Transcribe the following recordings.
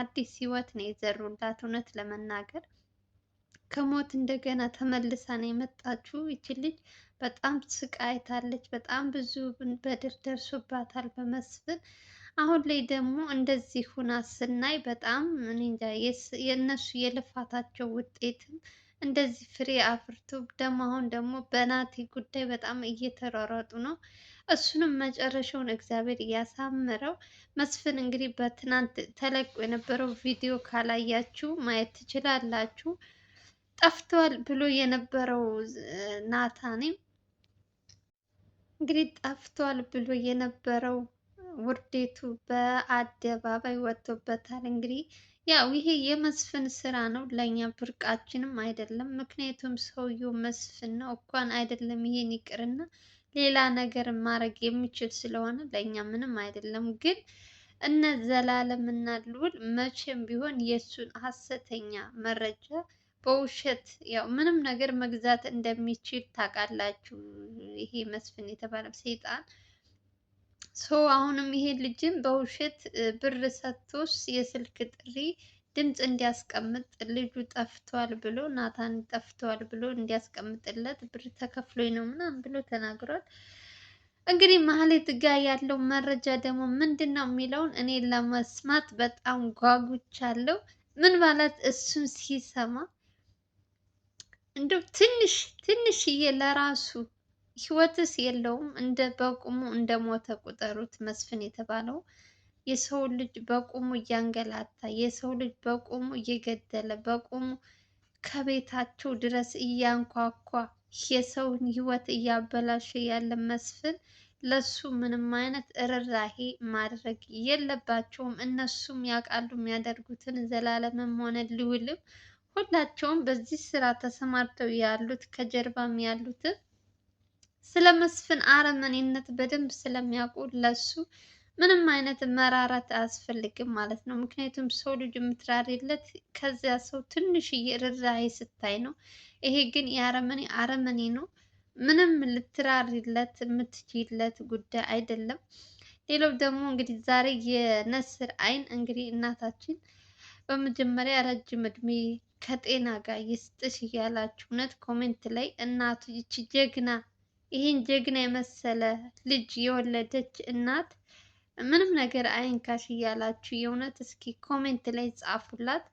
አዲስ ህይወት ነው የዘሩላት። እውነት ለመናገር ከሞት እንደገና ተመልሳ ነው የመጣችው። ይቺ ልጅ በጣም ስቃይታለች። በጣም ብዙ በደል ደርሶባታል በመስፍን። አሁን ላይ ደግሞ እንደዚህ ሁና ስናይ በጣም እኔ እንጃ የእነሱ የልፋታቸው ውጤትም እንደዚህ ፍሬ አፍርቶ ደግሞ አሁን ደግሞ በናቲ ጉዳይ በጣም እየተሯሯጡ ነው። እሱንም መጨረሻውን እግዚአብሔር እያሳመረው መስፍን እንግዲህ በትናንት ተለቆ የነበረው ቪዲዮ ካላያችሁ ማየት ትችላላችሁ። ጠፍቷል ብሎ የነበረው ናታኔ እንግዲህ ጠፍቷል ብሎ የነበረው ውርዴቱ በአደባባይ ወጥቶበታል። እንግዲህ ያው ይሄ የመስፍን ስራ ነው፣ ለእኛ ብርቃችንም አይደለም። ምክንያቱም ሰውየው መስፍን ነው እንኳን አይደለም ይሄን ይቅርና ሌላ ነገር ማድረግ የሚችል ስለሆነ ለእኛ ምንም አይደለም። ግን እነ ዘላለም እና ልዑል መቼም ቢሆን የእሱን ሀሰተኛ መረጃ በውሸት ያው ምንም ነገር መግዛት እንደሚችል ታውቃላችሁ። ይሄ መስፍን የተባለ ሰይጣን ሰው አሁንም ይሄ ልጅም በውሸት ብር ሰጥቶስ የስልክ ጥሪ ድምፅ እንዲያስቀምጥ ልጁ ጠፍቷል ብሎ ናታን ጠፍቷል ብሎ እንዲያስቀምጥለት ብር ተከፍሎኝ ነው ምናምን ብሎ ተናግሯል። እንግዲህ ማህሌት ጋር ያለው መረጃ ደግሞ ምንድን ነው የሚለውን እኔ ለመስማት በጣም ጓጉቻለሁ። ምን ማለት እሱን ሲሰማ እንደው ትንሽ ትንሽዬ ለራሱ ህይወትስ የለውም እንደ በቁሙ እንደ ሞተ ቁጠሩት መስፍን የተባለው የሰው ልጅ በቁሙ እያንገላታ የሰው ልጅ በቁሙ እየገደለ በቁሙ ከቤታቸው ድረስ እያንኳኳ የሰውን ህይወት እያበላሸ ያለ መስፍን ለሱ ምንም አይነት እርራሄ ማድረግ የለባቸውም። እነሱም ያውቃሉ የሚያደርጉትን። ዘላለምም ሆነ ልዑልም ሁላቸውም በዚህ ስራ ተሰማርተው ያሉት ከጀርባም ያሉትን ስለ መስፍን አረመኔነት በደንብ ስለሚያውቁ ለሱ ምንም አይነት መራራት አያስፈልግም ማለት ነው። ምክንያቱም ሰው ልጅ የምትራሪለት ከዚያ ሰው ትንሽዬ ርህራሄ ስታይ ነው። ይሄ ግን የአረመኔ አረመኔ ነው። ምንም ልትራሪለት የምትችይለት ጉዳይ አይደለም። ሌላው ደግሞ እንግዲህ ዛሬ የነስር አይን እንግዲህ እናታችን በመጀመሪያ ረጅም እድሜ ከጤና ጋር ይስጥሽ እያላችሁ እውነት ኮሜንት ላይ እናቱ ይቺ ጀግና ይህን ጀግና የመሰለ ልጅ የወለደች እናት ምንም ነገር አይንካሽ እያላችሁ የእውነት እስኪ ኮሜንት ላይ ጻፉላት።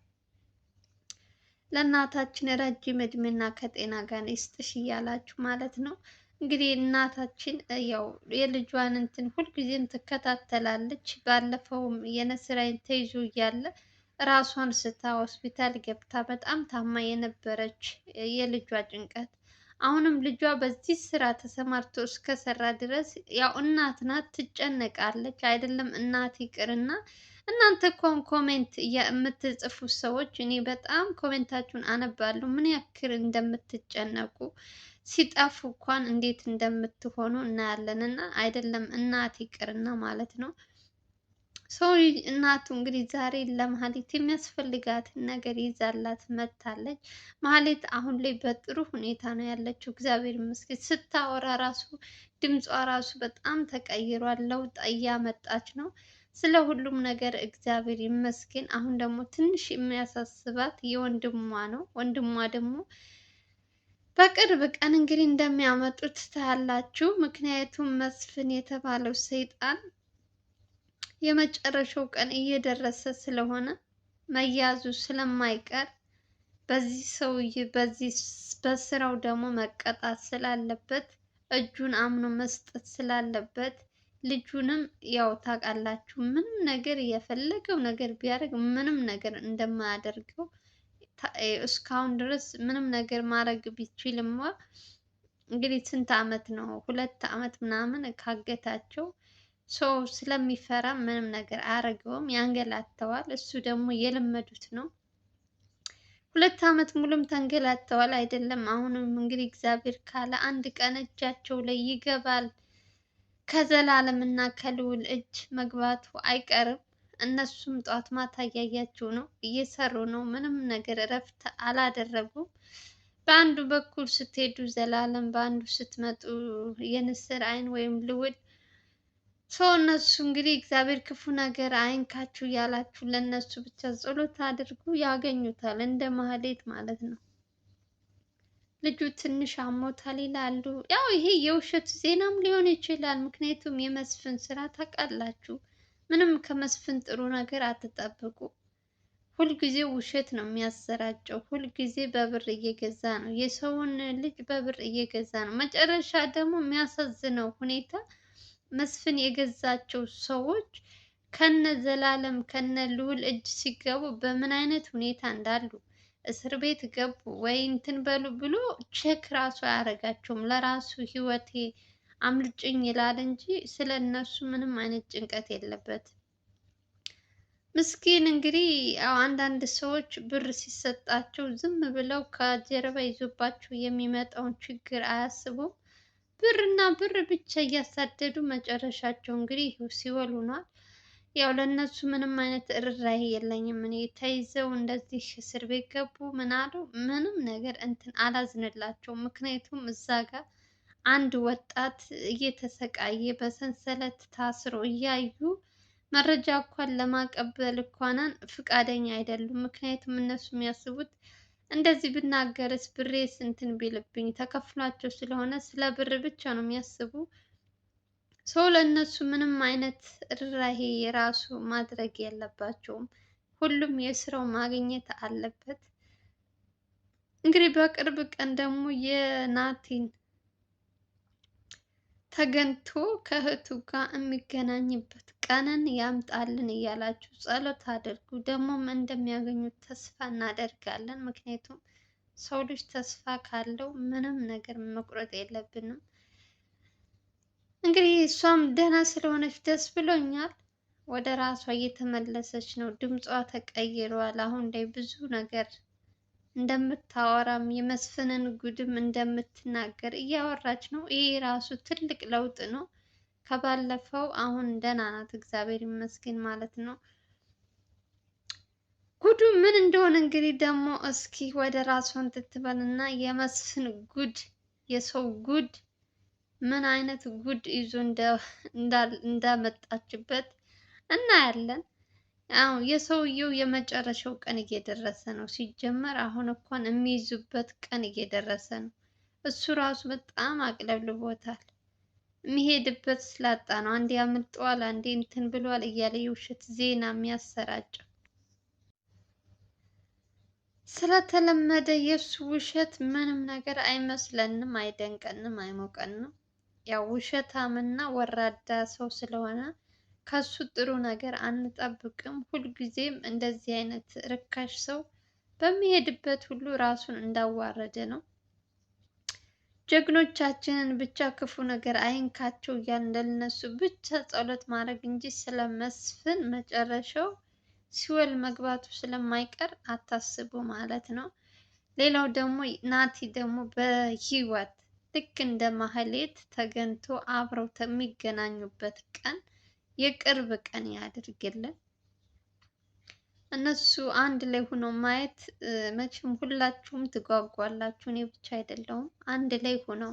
ለእናታችን ረጅም እድሜና ከጤና ጋር ይስጥሽ እያላችሁ ማለት ነው። እንግዲህ እናታችን ያው የልጇን እንትን ሁልጊዜም ትከታተላለች። ባለፈውም የነስራይን ተይዞ እያለ ራሷን ስታ ሆስፒታል ገብታ በጣም ታማ የነበረች የልጇ ጭንቀት አሁንም ልጇ በዚህ ስራ ተሰማርቶ እስከሰራ ድረስ ያው እናት ናት ትጨነቃለች። አይደለም እናት ይቅርና እናንተ እንኳን ኮሜንት የምትጽፉ ሰዎች እኔ በጣም ኮሜንታችሁን አነባለሁ። ምን ያክል እንደምትጨነቁ ሲጠፉ እንኳን እንዴት እንደምትሆኑ እናያለን። እና አይደለም እናት ይቅርና ማለት ነው ሰው እናቱ እንግዲህ ዛሬ ለማህሌት የሚያስፈልጋትን ነገር ይዛላት መታለች። ማህሌት አሁን ላይ በጥሩ ሁኔታ ነው ያለችው፣ እግዚአብሔር ይመስገን። ስታወራ ራሱ ድምጿ ራሱ በጣም ተቀይሯል፣ ለውጥ እያመጣች ነው። ስለ ሁሉም ነገር እግዚአብሔር ይመስገን። አሁን ደግሞ ትንሽ የሚያሳስባት የወንድሟ ነው። ወንድሟ ደግሞ በቅርብ ቀን እንግዲህ እንደሚያመጡት ታያላችሁ። ምክንያቱም መስፍን የተባለው ሰይጣን የመጨረሻው ቀን እየደረሰ ስለሆነ መያዙ ስለማይቀር በዚህ ሰውዬ በዚህ በስራው ደግሞ መቀጣት ስላለበት እጁን አምኖ መስጠት ስላለበት ልጁንም ያው ታውቃላችሁ፣ ምንም ነገር የፈለገው ነገር ቢያደርግ ምንም ነገር እንደማያደርገው እስካሁን ድረስ ምንም ነገር ማድረግ ቢችልማ እንግዲህ ስንት አመት ነው? ሁለት አመት ምናምን ካገታቸው ሰው ስለሚፈራ ምንም ነገር አያደርገውም፣ ያንገላተዋል። እሱ ደግሞ የለመዱት ነው። ሁለት ዓመት ሙሉም ተንገላተዋል አይደለም። አሁንም እንግዲህ እግዚአብሔር ካለ አንድ ቀን እጃቸው ላይ ይገባል። ከዘላለም እና ከልዑል እጅ መግባቱ አይቀርም። እነሱም ጧት ማታ እያያቸው ነው፣ እየሰሩ ነው። ምንም ነገር እረፍት አላደረጉም። በአንዱ በኩል ስትሄዱ ዘላለም፣ በአንዱ ስትመጡ የንስር አይን ወይም ልዑል ሰው እነሱ እንግዲህ እግዚአብሔር ክፉ ነገር አይንካችሁ እያላችሁ ለእነሱ ብቻ ጸሎት አድርጉ፣ ያገኙታል። እንደ ማህሌት ማለት ነው። ልጁ ትንሽ አሞታል ይላሉ። ያው ይሄ የውሸት ዜናም ሊሆን ይችላል። ምክንያቱም የመስፍን ስራ ታውቃላችሁ። ምንም ከመስፍን ጥሩ ነገር አትጠብቁ። ሁልጊዜ ውሸት ነው የሚያሰራጨው። ሁልጊዜ በብር እየገዛ ነው የሰውን ልጅ በብር እየገዛ ነው። መጨረሻ ደግሞ የሚያሳዝነው ሁኔታ መስፍን የገዛቸው ሰዎች ከነ ዘላለም ከነ ልዑል እጅ ሲገቡ በምን አይነት ሁኔታ እንዳሉ እስር ቤት ገቡ ወይ እንትን በሉ ብሎ ቼክ ራሱ አያደርጋቸውም። ለራሱ ህይወቴ አምልጭኝ ይላል እንጂ ስለ እነሱ ምንም አይነት ጭንቀት የለበት ምስኪን እንግዲህ አንዳንድ ሰዎች ብር ሲሰጣቸው ዝም ብለው ከጀርባ ይዞባቸው የሚመጣውን ችግር አያስቡም። ብር እና ብር ብቻ እያሳደዱ መጨረሻቸው እንግዲህ ሲወሉ ሆኗል። ያው ለእነሱ ምንም አይነት እርራይ የለኝም እኔ። ተይዘው እንደዚህ እስር ቤት ገቡ ምን አሉ ምንም ነገር እንትን አላዝንላቸው። ምክንያቱም እዛ ጋር አንድ ወጣት እየተሰቃየ በሰንሰለት ታስሮ እያዩ መረጃ እንኳን ለማቀበል እንኳን ፍቃደኛ አይደሉም። ምክንያቱም እነሱ የሚያስቡት እንደዚህ ብናገርስ ብሬ ስንትን ቢልብኝ ተከፍሏቸው ስለሆነ ስለ ብር ብቻ ነው የሚያስቡ። ሰው ለእነሱ ምንም አይነት ርህራሄ የራሱ ማድረግ የለባቸውም። ሁሉም የስራው ማግኘት አለበት። እንግዲህ በቅርብ ቀን ደግሞ የናቲን ተገንቶ ከእህቱ ጋር የሚገናኝበት ቀንን ያምጣልን እያላችሁ ጸሎት አድርጉ። ደግሞም እንደሚያገኙት ተስፋ እናደርጋለን። ምክንያቱም ሰው ልጅ ተስፋ ካለው ምንም ነገር መቁረጥ የለብንም። እንግዲህ እሷም ደህና ስለሆነች ደስ ብሎኛል። ወደ ራሷ እየተመለሰች ነው። ድምጿ ተቀይሯል። አሁን ላይ ብዙ ነገር እንደምታወራም የመስፍንን ጉድም እንደምትናገር እያወራች ነው። ይህ ራሱ ትልቅ ለውጥ ነው። ከባለፈው አሁን ደህና ናት፣ እግዚአብሔር ይመስገን ማለት ነው። ጉዱ ምን እንደሆነ እንግዲህ ደግሞ እስኪ ወደ ራሷን ትትበል የመስፍን ጉድ የሰው ጉድ ምን አይነት ጉድ ይዞ እንዳመጣችበት እናያለን። አዎ የሰውየው የመጨረሻው ቀን እየደረሰ ነው። ሲጀመር አሁን እንኳን የሚይዙበት ቀን እየደረሰ ነው። እሱ ራሱ በጣም አቅለብልቦታል። የሚሄድበት ስላጣ ነው። አንዴ አምልጧል፣ አንዴ እንትን ብሏል እያለ የውሸት ዜና የሚያሰራጨው ስለተለመደ የእሱ ውሸት ምንም ነገር አይመስለንም፣ አይደንቀንም፣ አይሞቀንም። ያው ውሸታምና ወራዳ ሰው ስለሆነ ከሱ ጥሩ ነገር አንጠብቅም። ሁልጊዜም እንደዚህ አይነት ርካሽ ሰው በሚሄድበት ሁሉ ራሱን እንዳዋረደ ነው። ጀግኖቻችንን ብቻ ክፉ ነገር አይንካቸው እያልን ለነሱ ብቻ ጸሎት ማድረግ እንጂ ስለ መስፍን መጨረሻው ሲወል መግባቱ ስለማይቀር አታስቡ ማለት ነው። ሌላው ደግሞ ናቲ ደግሞ በህይወት ልክ እንደ ማህሌት ተገኝቶ አብረው የሚገናኙበት ቀን የቅርብ ቀን ያድርግልን። እነሱ አንድ ላይ ሆኖ ማየት መቼም ሁላችሁም ትጓጓላችሁ፣ እኔ ብቻ አይደለሁም። አንድ ላይ ሆኖ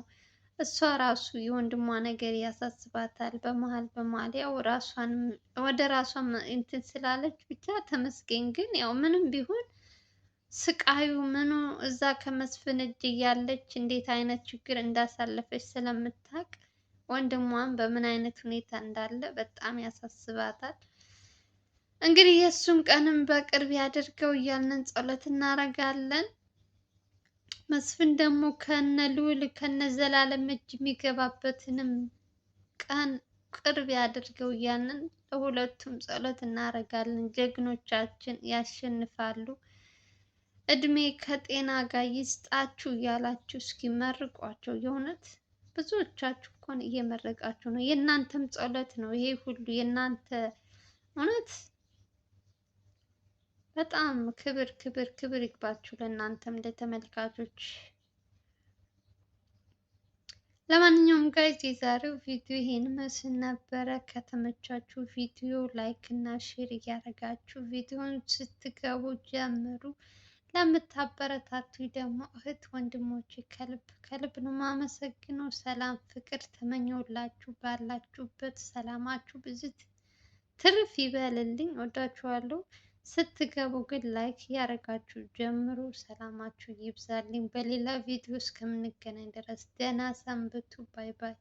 እሷ ራሱ የወንድሟ ነገር ያሳስባታል። በመሀል በመሀል ያው ራሷን ወደ ራሷ እንትን ስላለች ብቻ ተመስገን። ግን ያው ምንም ቢሆን ስቃዩ ምኑ እዛ ከመስፍን እጅ እያለች እንዴት አይነት ችግር እንዳሳለፈች ስለምታውቅ ወንድሟም በምን አይነት ሁኔታ እንዳለ በጣም ያሳስባታል። እንግዲህ የእሱም ቀንም በቅርብ ያደርገው እያልን ጸሎት እናደርጋለን። መስፍን ደግሞ ከነ ልዑል ከነ ዘላለም እጅ የሚገባበትንም ቀን ቅርብ ያደርገው እያልን ለሁለቱም ጸሎት እናደርጋለን። ጀግኖቻችን ያሸንፋሉ፣ እድሜ ከጤና ጋር ይስጣችሁ እያላችሁ እስኪ መርቋቸው የእውነት ብዙዎቻችሁ እኮን እየመረቃችሁ ነው። የእናንተም ጸሎት ነው ይሄ ሁሉ የእናንተ እውነት። በጣም ክብር ክብር ክብር ይግባችሁ ለእናንተም ለተመልካቾች። ለማንኛውም ጋይዝ የዛሬው ቪዲዮ ይሄን መስል ነበረ። ከተመቻችሁ ቪዲዮ ላይክ እና ሼር እያደረጋችሁ ቪዲዮን ስትገቡ ጀምሩ። ለምታበረታቱኝ ደግሞ እህት ወንድሞች ከልብ ከልብ ነው የማመሰግነው። ሰላም ፍቅር ተመኘውላችሁ። ባላችሁበት ሰላማችሁ ብዙ ትርፍ ይበልልኝ። ወዳችኋለሁ። ስትገቡ ግን ላይክ እያደረጋችሁ ጀምሩ። ሰላማችሁ ይብዛልኝ። በሌላ ቪዲዮ እስከምንገናኝ ድረስ ደህና ሰንብቱ። ባይ ባይ።